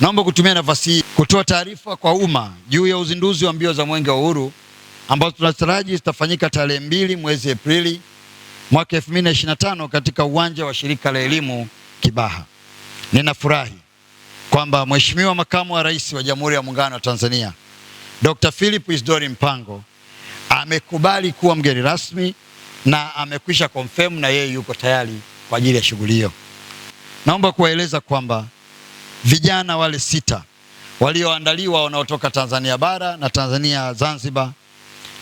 Naomba kutumia nafasi hii kutoa taarifa kwa umma juu ya uzinduzi wa mbio za Mwenge wa Uhuru ambazo tunataraji zitafanyika tarehe mbili mwezi Aprili mwaka 2025 katika uwanja wa shirika la elimu Kibaha. Ninafurahi kwamba Mheshimiwa Makamu wa Rais wa Jamhuri ya Muungano wa Tanzania Dr. Philip Isdori Mpango amekubali kuwa mgeni rasmi na amekwisha confirm na yeye yuko tayari kwa ajili ya shughuli hiyo. Naomba kuwaeleza kwamba vijana wale sita walioandaliwa wanaotoka Tanzania bara na Tanzania Zanzibar,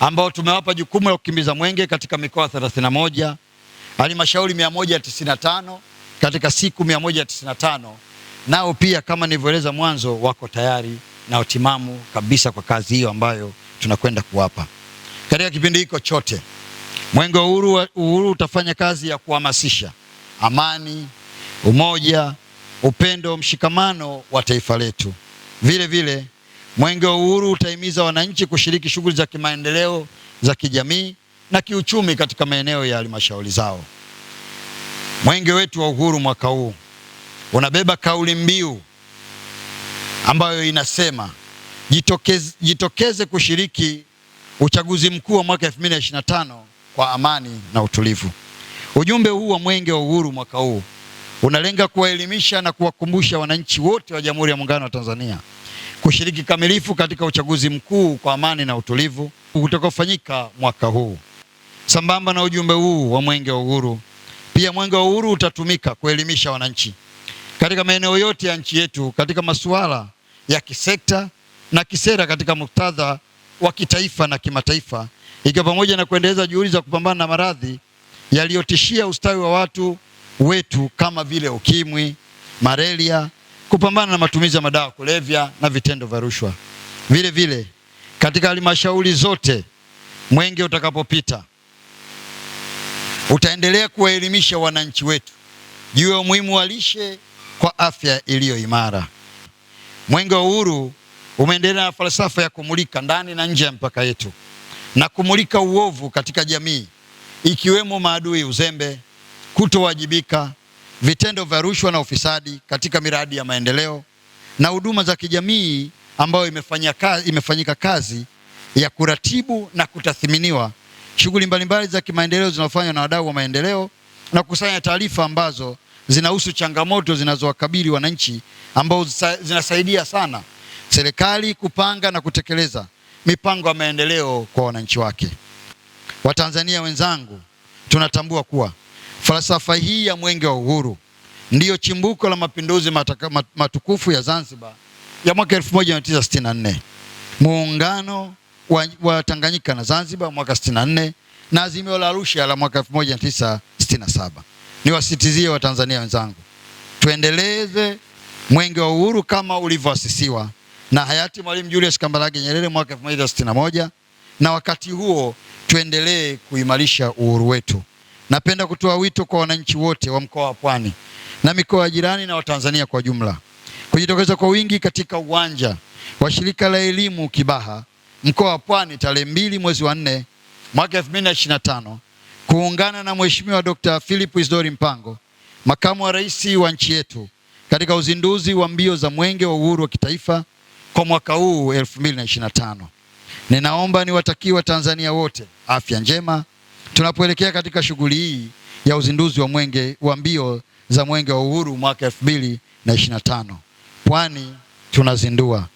ambao tumewapa jukumu la kukimbiza mwenge katika mikoa 31 halmashauri 195 katika siku 195. Nao pia kama nilivyoeleza mwanzo, wako tayari na utimamu kabisa kwa kazi hiyo ambayo tunakwenda kuwapa katika kipindi hiko chote. Mwenge wa Uhuru utafanya kazi ya kuhamasisha amani, umoja upendo, mshikamano wa taifa letu. Vile vile Mwenge wa Uhuru utahimiza wananchi kushiriki shughuli za kimaendeleo za kijamii na kiuchumi katika maeneo ya halmashauri zao. Mwenge wetu wa Uhuru mwaka huu unabeba kauli mbiu ambayo inasema jitokeze, jitokeze kushiriki uchaguzi mkuu wa mwaka 2025 kwa amani na utulivu. Ujumbe huu wa Mwenge wa Uhuru mwaka huu unalenga kuwaelimisha na kuwakumbusha wananchi wote wa Jamhuri ya Muungano wa Tanzania kushiriki kamilifu katika uchaguzi mkuu kwa amani na utulivu utakaofanyika mwaka huu. Sambamba na ujumbe huu wa Mwenge wa Uhuru, pia Mwenge wa Uhuru utatumika kuelimisha wananchi katika maeneo yote ya nchi yetu katika masuala ya kisekta na kisera katika muktadha wa kitaifa na kimataifa, ikiwa pamoja na kuendeleza juhudi za kupambana na maradhi yaliyotishia ustawi wa watu wetu kama vile ukimwi, malaria, kupambana na matumizi ya madawa kulevya na vitendo vya rushwa. Vile vile katika halmashauri zote, mwenge utakapopita utaendelea kuwaelimisha wananchi wetu juu ya umuhimu wa lishe kwa afya iliyo imara. Mwenge wa Uhuru umeendelea na falsafa ya kumulika ndani na nje ya mpaka yetu na kumulika uovu katika jamii, ikiwemo maadui uzembe kutowajibika, vitendo vya rushwa na ufisadi katika miradi ya maendeleo na huduma za kijamii ambayo imefanyika kazi ya kuratibu na kutathiminiwa shughuli mbalimbali za kimaendeleo zinazofanywa na wadau wa maendeleo na kukusanya taarifa ambazo zinahusu changamoto zinazowakabili wananchi ambazo zinasaidia sana serikali kupanga na kutekeleza mipango ya maendeleo kwa wananchi wake. Watanzania wenzangu, tunatambua kuwa Falsafa hii ya mwenge wa uhuru ndiyo chimbuko la mapinduzi matukufu ya Zanzibar ya mwaka 1964, muungano wa, wa Tanganyika na Zanzibar mwaka 64 na azimio la Arusha la mwaka 1967. Niwasitizie Watanzania wenzangu, tuendeleze mwenge wa uhuru kama ulivyoasisiwa na hayati Mwalimu Julius Kambarage Nyerere mwaka 1961, na wakati huo tuendelee kuimarisha uhuru wetu. Napenda kutoa wito kwa wananchi wote wa mkoa wa Pwani na mikoa jirani na Watanzania kwa jumla kujitokeza kwa wingi katika uwanja wa shirika la elimu Kibaha mkoa wa Pwani tarehe mbili mwezi wa nne mwaka 2025 kuungana na Mheshimiwa Dr. Philip Isidori Mpango makamu wa rais wa nchi yetu katika uzinduzi wa mbio za mwenge wa uhuru wa kitaifa kwa mwaka huu 2025. Ninaomba niwatakie Watanzania wote afya njema Tunapoelekea katika shughuli hii ya uzinduzi wa mwenge wa mbio za mwenge wa uhuru mwaka 2025 Pwani tunazindua.